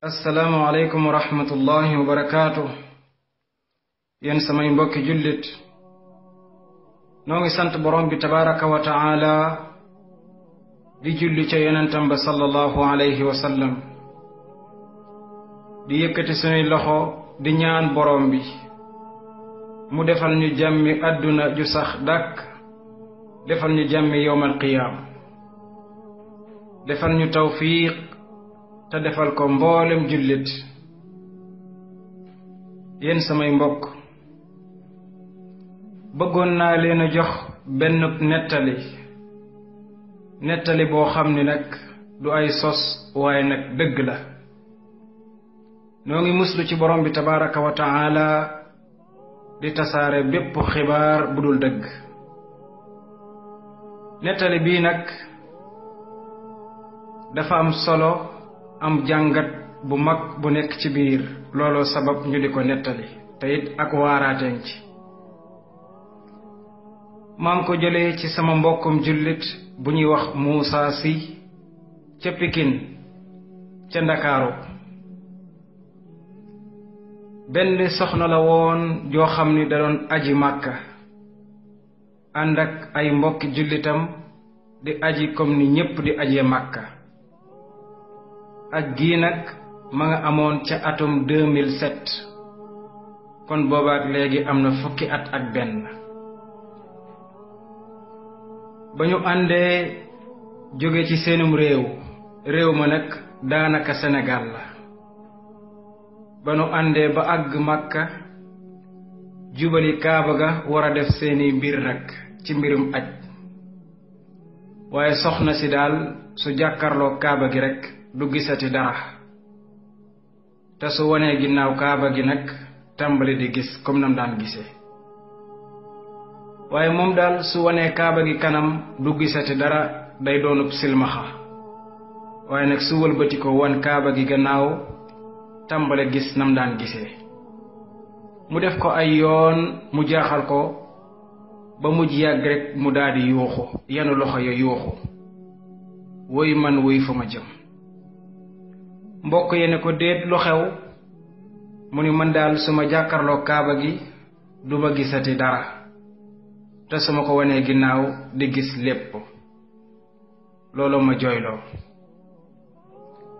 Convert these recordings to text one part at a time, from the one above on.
assalaamu aleykum wa rahmatullahi wa barakaatu yéen samay mbokki jullit noo ngi sant borom bi tabaraka wa taala di julli ca yonentam ba sallallahu alayhi wa sallam di yëkkati sunuy loxo di ñaan borom bi mu defal ñu jàmmi àdduna ju sax dàkk defal ñu jàmmi yowmal qiyaam defal ñu tawfiiq ta defal ko mboolem jullit yen samay mbokk bëggoon naa leen a jox benn nettali nettali boo xam ni nag du ay sos waaye nag dëgg la noo ngi muslu ci borom bi tabaraka wa taala di tasaare bépp xibaar bu dul dëgg nettali bii nag dafa am solo am jàngat bu mag bu nekk ci biir looloo sabab ñu di ko nettali te ak waaraateen ci maa ngi ko jële ci sama mbokkum jullit bu ñuy wax Moussa si ca Pikin ca Ndakaaru benn soxna la woon joo xam ni da doon aji màkka ànd ak ay mbokki jullitam di aji kom ni ñépp di ajee màkka ak gii nag ma nga amoon ca atum 2007 kon boobaak léegi am na fukki at ak benn ba ñu àndee jóge ci seenum réew réew ma nag daanaka sénégal la ba ñu àndee ba àgg màkka jubali kaaba ga war a def seeni mbir nag ci mbirum aj waaye soxna si daal su jàkkarloo kaaba gi rek du gisati dara te su wonee ginnaaw kaaba gi nag tàmbali di gis comme nam daan gisee waaye moom daal su wonee kaaba gi kanam du gisati dara day doonub silmaxa waaye nag su wëlbati ko wan kaaba gi gannaaw tàmbale gis nam daan gisee mu def ko ay yoon mu jaaxal ko ba mujj yàgg rek mu daldi yuuxu yanu loxo ya yuuxu woy man woy fa ma jëm mbokk yene ko déet lu xew mu ni man daal suma jàkkarloo kaaba gi du ma gisati dara te suma ko wanee ginnaaw di gis lépp loolu ma joyloo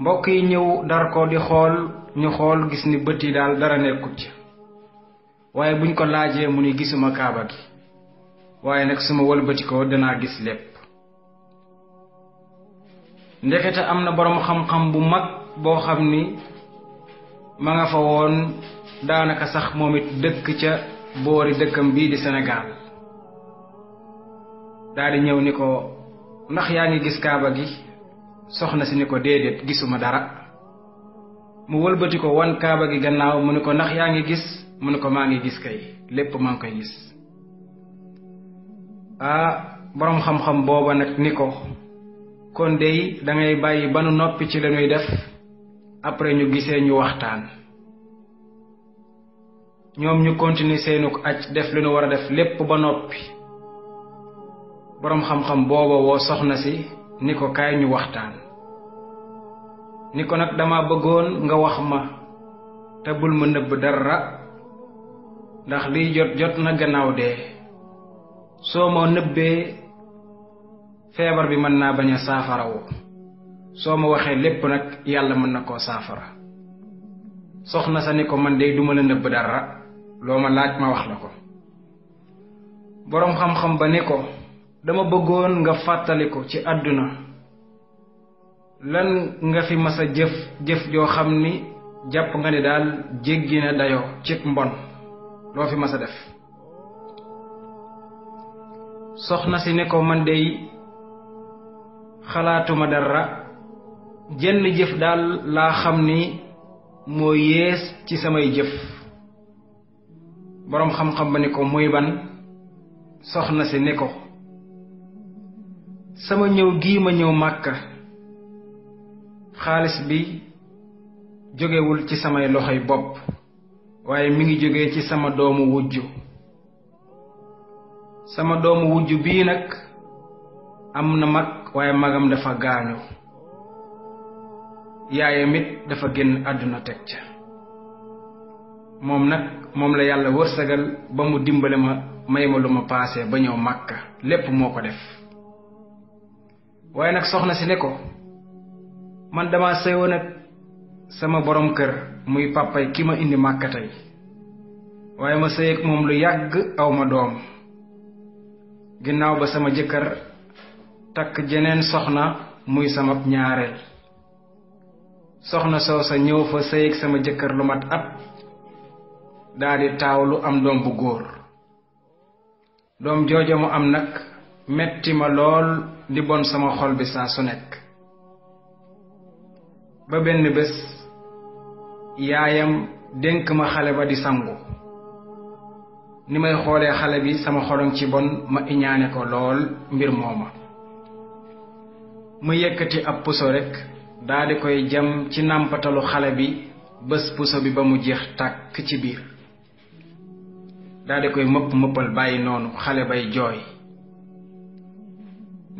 mbokk yi ñëw dar ko di xool ñu xool gis ni bët yi daal dara nekkut ci waaye buñ ko laajee mu ni gisuma kaaba gi waaye nag suma wëlbati ko danaa gis lépp ndekete am na borom xam-xam bu mag boo xam ni ma nga fa woon daanaka sax moom it dëkk ca boori dëkkam bii di Sénégal daal ñëw ni ko ndax yaa ngi gis kaaba gi soxna si ni ko déedéet gisuma dara mu wëlbati ko wan kaaba gi gannaaw mu ni ko ndax yaa ngi gis mu ni ko maa ngi gis kay lépp maa ngi koy gis ah boroom xam-xam booba nag ni ko kon dey dangay bàyyi ba nu noppi ci lañuy def après ñu gisee ñu waxtaan ñoom ñu continuer seenu aj def li ñu war a def lépp ba noppi boroom xam-xam booba woo soxna si ni ko kaay ñu waxtaan ni ko nag dama bëggoon nga wax ma te bul ma nëbb dara ndax liy jot jot na gannaaw dee soo ma nëbbee feebar bi mën naa bañ a saafarawu soo ma waxee lépp nag yàlla mën na koo saafara soxna sa ni ko man day duma la nëbb dara loo ma laaj ma wax la ko boroom xam-xam ba ni ko dama bëggoon nga fàttali ko ci àdduna lan nga fi Jeff a jëf jëf joo xam ni jàpp nga ni daal jéggi na dayoo ci mbon loo fi mas a def soxna si ni ko man day xalaatuma dara jenn jëf daal laa xam ni moo yées ci samay jëf boroom xam-xam ba ni ko muy ban soxna si ni ko sama ñëw gii ma ñëw màkka xaalis bi jógewul ci samay loxoy bopp waaye mi ngi jóge ci sama doomu wujj sama doomu wujju bii nag am na mag waaye magam dafa gaañu yaayam it dafa génn àdduna teg ca moom nag moom la yàlla wërsagal ba mu dimbale ma may ma lu ma paase ba ñëw màkka lépp moo ko def waaye nag soxna si ne ko man dama sëyoon ak sama boroom kër muy pàppay ki ma indi màkka tey waaye ma sëy moom lu yàgg awma doom ginnaaw ba sama jëkkër takk jeneen soxna muy sama ñaareel soxna soo sa ñëw fa sayeg sama jëkkër lu mat ab daa di taawlu am doom bu góor doom jooja mu am nag metti ma lool di bon sama xol bi saa su nekk ba benn bés yaayam dénk ma xale ba di sangu ni may xoolee xale bi sama xolong ci bon ma iñaane ko lool mbir mooma ma yëkkati ab puso rek daa koy jam ci nàmpatalu xale bi bés puso bi ba mu jeex tàkk ci biir daa koy mëpp mëppal bàyyi noonu xale bay jooy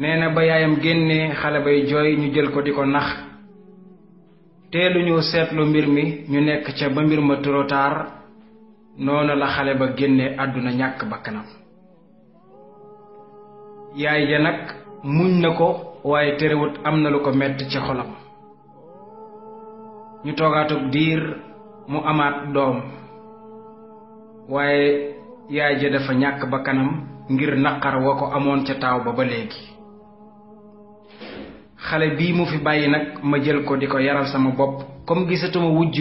nee na ba yaayam génnee xale bay jooy ñu jël ko di ko nax teelu ñu seetlu mbir mi ñu nekk ca ba mbir ma trop tard la xale ba génne àdduna ñàkk bakkanam yaay ja nag muñ na ko waaye terewut am na lu ko mett ci xolam ñu toogaatub diir mu amaat doom waaye yaay ja dafa ñàkk ba kanam ngir naqar wa ko amoon ca taaw ba ba léegi xale bii mu fi bàyyi nag ma jël ko di ko yaral sama bopp comme gisatuma wujj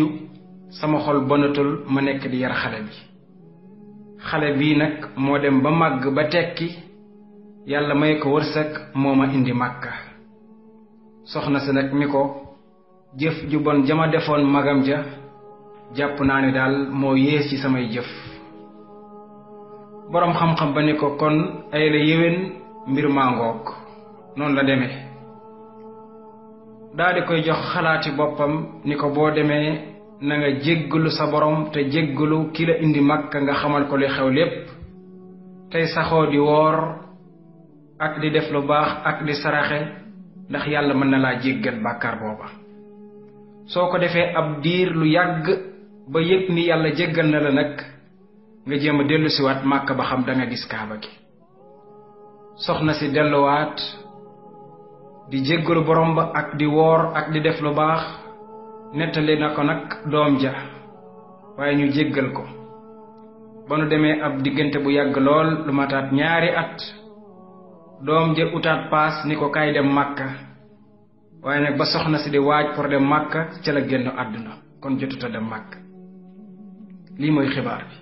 sama xol bonatul ma nekk di yar xale bi xale bii nag moo dem ba màgg ba tekki yàlla may ko wërsëg moo ma indi màkka soxna si nag ni ko jëf ju bon jama defoon magam ja jàpp naa ne daal moo yées ci samay jëf boroom xam-xam ba ni ko kon ay la yéwén mbir maa ngoog noonu la demee daa koy jox xalaati boppam ni ko boo demee na nga jéggalu sa borom te jéggalu ki la indi Makka nga xamal ko li xew lépp tey saxoo di woor ak di def lu baax ak di saraxe ndax yàlla mën na laa jéggal bàkkaar booba soo ko defee ab diir lu yàgg ba yëg ni yàlla jéggal na la nag nga jéem a dellusiwaat màkk ba xam da nga gis kaaba gi soxna si delluwaat di jéggalu borom ba ak di woor ak di def lu baax nettali na ko nag doom ja waaye ñu jéggal ko ba nu demee ab diggante bu yàgg lool lu mataat ñaari at doom ja utaat paas ni ko kaay dem màkka waaye nag ba soxna si di waaj pour dem màkka ca la génn àdduna kon jotuta dem màkk lii mooy xibaar bi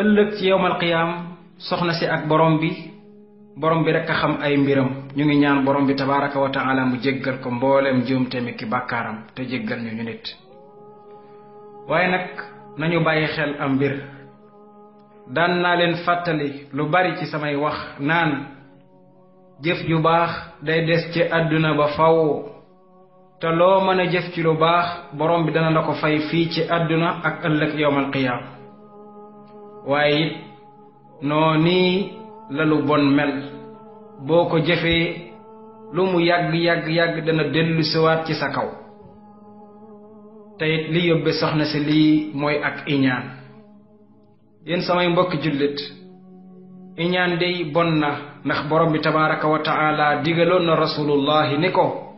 ëllëg ci yowmal qiyaam soxna si ak borom bi borom bi rek a xam ay mbiram ñu ngi ñaan borom bi tabaraka wa mu jéggal ko mbooleem njuumteem ki bàkkaaram te jéggal ñu ñu nit waaye nag nañu bàyyi xel am mbir daan naa leen fàttali lu bari ci samay wax naan jëf ju baax day des ci àdduna ba faw te loo mën a jëf ci lu baax borom bi dana la ko fay fii ci àdduna ak ëllëg yowmal qiyaam waaye it noo nii la lu bon mel boo ko jëfee lu mu yàgg-yàgg-yàgg dana dellu siwaat ci sa kaw te it li yóbbe soxna si lii mooy ak iñaan yéen samay mbokki jullit iñaan dey bon na ndax borom bi tabaraka wa taala digaloon na rasulullahi ni ko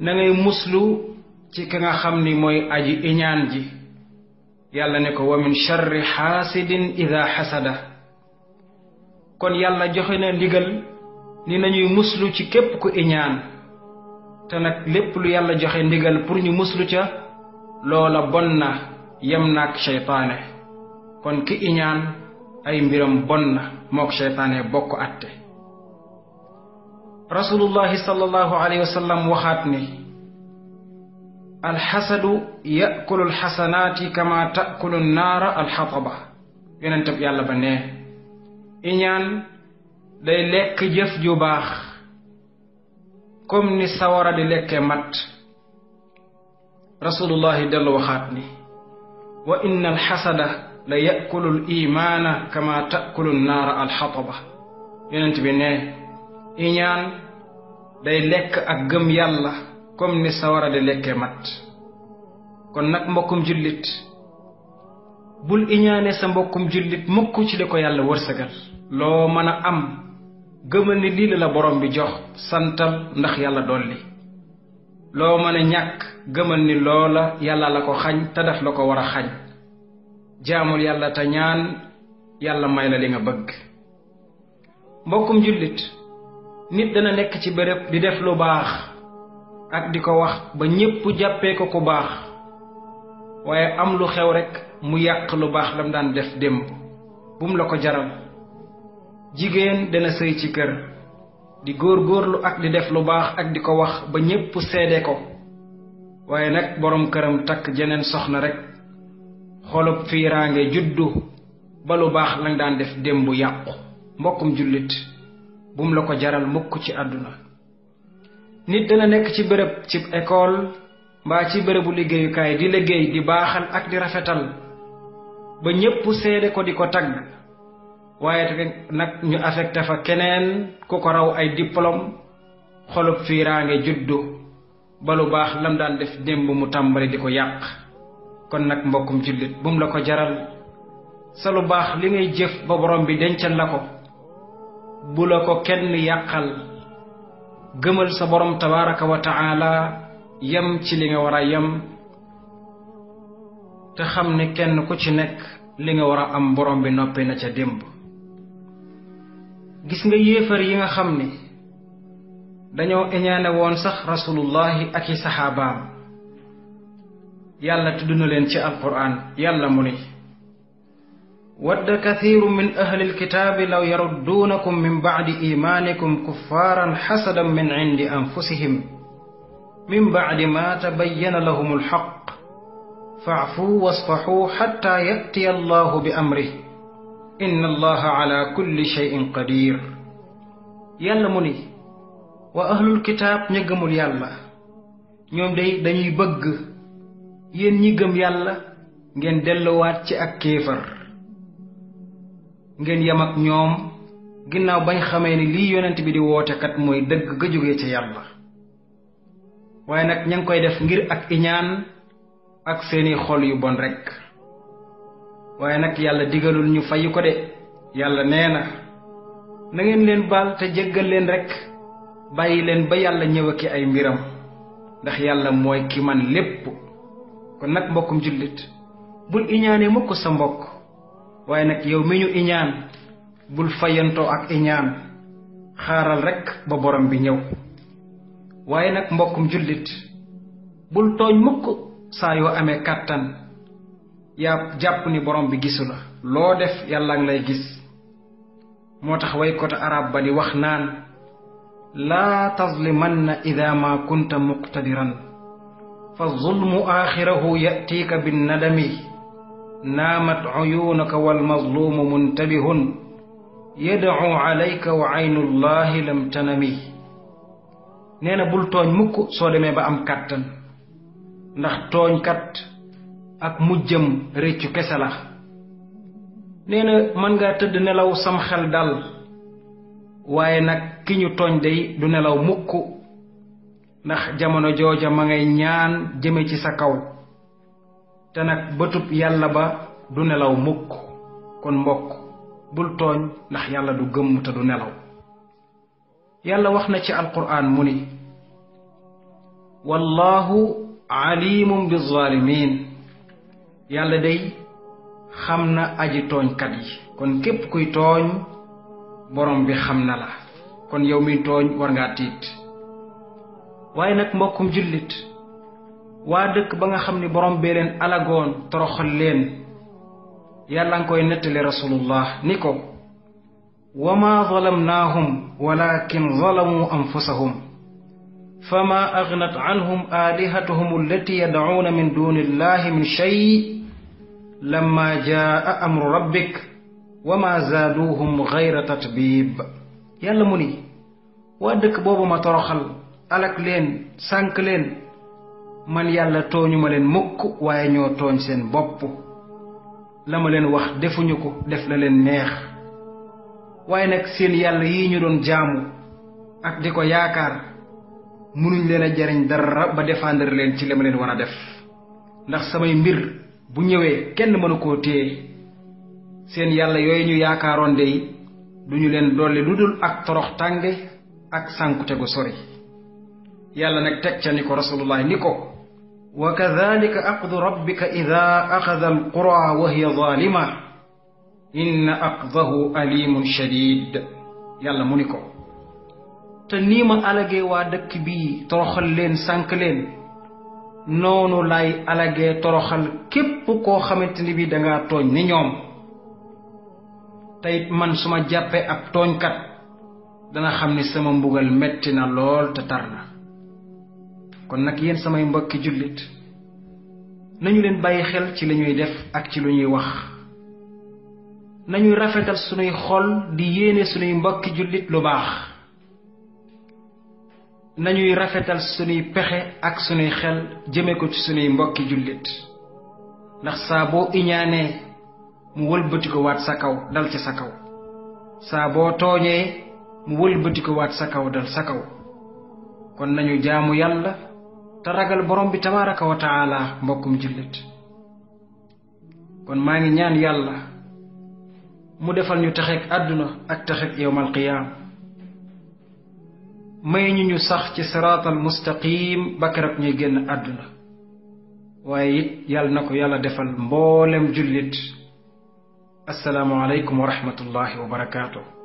na muslu ci ki nga xam ni mooy aji iñaan ji yàlla ne ko wa min charri xaasidin ida xasada kon yàlla joxe na ndigal ni nañuy muslu ci képp ku iñaan te nag lépp lu yàlla joxe ndigal pour ñu muslu ca loola bon na yem naag seytaane kon ki iñaan ay mbiram bonna mok shaytané bokku atté rasulullah sallallahu alayhi wasallam waxat ni الحسد يأكل الحسنات كما تأكل النار الحطبة ينن تب يالا بنيه إنيان دي لك جف جباخ كم نسوار دي لك مات رسول الله دل وخاتني وإن الحسد la yakulul imaana kama takulu naara alxataba yonent bi ne iñaan day lekk ak gëm yàlla comme ni sawara di mat kon nag mbokkum jullit bul iñaane sa mbokkum jullit mukk ci li ko yàlla wërsëgal loo mën a am gëmal ni lii la la borom bi jox santal ndax yàlla dolli loo mën a ñàkk gëmal ni loola yàlla la ko xañ te daf la ko war a xañ jaamul yàlla te ñaan yàlla may la li nga bëgg mbokkum jullit nit dana nekk ci béréb di def lu baax ak di ko wax ba ñépp jàppee ko ku baax waaye am lu xew rekk mu yàq lu baax lam daan def démb bum la ko jaral jigéen dana sëy ci kër di góor-góorlu ak di def lu baax ak di ko wax ba ñépp seede ko waaye nag boroom këram takk jeneen soxna xolub fiiraange juddu ba lu baax lañ daan def démb yàqu mbokkum jullit bum la ko jaral mukk ci àdduna nit dana nekk ci bërëb ci école mbaa ci bërëbu liggéeyukaay di liggéey di baaxal ak di rafetal ba ñépp seede ko di ko tagg waaye nag ñu affecté fa keneen ku ko raw ay diplôme xolub fiiraange juddu ba lu baax lam daan def démb mu tàmbali di ko yàq kon nag mbokkum jullit bum la ko jaral sa lu baax li ngay jëf ba borom bi dencal la ko bu la ko kenn yàqal gëmal sa borom tabaraka wa taala yem ci li nga war a yem te xam ne kenn ku ci nekk li nga war a am borom bi noppi na ca démb gis nga yéefar yi nga xam ni dañoo iñaane woon sax rasulullahi ak i saxaabaam yàlla tudd na leen ci alquran yàlla mu ni wadda kathiru min ahli alkitaabi law yarudduunakum min bacdi imaanikum kuffaaran xasadan min cindi anfusihim min bacdi ma tabayyana lahum alxaq faacfuu wasfaxuu xatta yatiya allahu bi amrih inna allaha ala kulli shayin qadir yàlla mu ni wa ahlul kitaab ña gëmul yàlla ñoom day dañuy bëgg yéen ñi gëm yàlla ngeen delluwaat ci ak kéefar ngeen yem ñoom ginnaaw bañ xamee ni lii yonent bi di woote mooy dëgg ga jógee ca yàlla waaye nag ña koy def ngir ak iñaan ak seeni xol yu bon rekk waaye nag yàlla digalul ñu fayu ko de yàlla nee na na ngeen leen baal te jéggal leen rekk bàyyi leen ba yàlla ñëw ki ay mbiram ndax yàlla mooy ki man lépp kon nag mbokkum jullit bul iñaane mukk sa mbokk waaye nag yow mi ñu iñaan bul fayantoo ak iñaan xaaral rekk ba borom bi ñëw waaye nag mbokkum jullit bul tooñ mukk saa yoo amee kàttan yaa jàpp ni borom bi gisu la loo def yàlla ngi lay gis moo tax waykota arab ba di wax naan laa tazlimanna ida ma kunta muqtadiran فالظلم آخره يأتيك بالندم نامت عيونك والمظلوم منتبه يدعو عليك وعين الله لم تنم نينا بول توغ موك سو ديمي با ام كاتن ناخ توغ كات اك مجم ريتشو كسالا نينا مانغا تد نلاو سام خال دال وايي ناك كينيو توغ داي دو نلاو موكو ndax jamono jooja ma ngay ñaan jëme ci sa kaw te nag bëtub yàlla ba du nelaw mukk kon mbokk bul tooñ ndax yàlla du gëmm te du nelaw yàlla wax na ci alquraan mu ni wallahu alimum bi zalimin yàlla day xam na aji tooñkat yi kon képp kuy tooñ borom bi xam na la kon yow mi tooñ war ngaa tiit waaye nag mbokkum jullit waa dëkk ba nga xam ni borom bee leen alagoon toroxal leen yàlla nga koy nettali rasulullah ni ko wa zalamnaahum walakin zalamu anfusahum fama agnat anhum alihatuhum allati yad'una min duni illahi min shay lamma jaa amru rabbik wa ma zaaduhum gayra tatbib yàlla mu ni waa dëkk boobu ma toroxal alak leen sànk leen man yàlla tooñu ma leen mukk waaye ñoo tooñ seen bopp la ma leen wax defuñu ko def la leen neex waaye nag seen yàlla yi ñu doon jaamu ak di ko yaakaar mënuñ leen a jariñ dara ba défendre leen ci la ma leen war a def ndax samay mbir bu ñëwee kenn mënu koo téye seen yàlla yooyu ñu yaakaaroon de duñu leen dolli lu dul ak torox tànge ak sànkute sori yàlla nag teg ca ni ko rasulullah ni ko wa kadalika aqdu rabbika ida axada alqura wa hiya zaalima inna aqdahu alimun shadid yàlla mu ni ko te nii ma alagee waa dëkk bi toroxal leen sànk leen noonu lay alagee toroxal képp koo xamante ni bi dangaa tooñ ni ñoom teyit man su ma jàppee ab tooñkat dana xam ni sama mbugal metti na lool te tar na kon nag yéen samay mbokki jullit nañu leen bàyyi xel ci li ñuy def ak ci lu ñuy wax nañuy rafetal sunuy xol di yéene sunuy mbokki jullit lu baax nañuy rafetal sunuy pexe ak sunuy xel jëme ko ci sunuy mbokki jullit ndax saa boo iñaanee mu wëlbati sa kaw dal ci sa kaw saa boo tooñee mu wëlbati sa kaw dal sa kaw kon nañu jaamu yàlla te ragal borom bi tabaraka wa taala mbokkum jullit kon maa ngi ñaan yàlla mu defal ñu texeeg àdduna ak texeeg yowmal qiyaam may ñu ñu sax ci siraatal mustaqim ba keroog ñuy génn àdduna waaye it yàlla na ko yàlla defal mboolem jullit assalaamu aleykum wa rahmatullahi wa barakaatu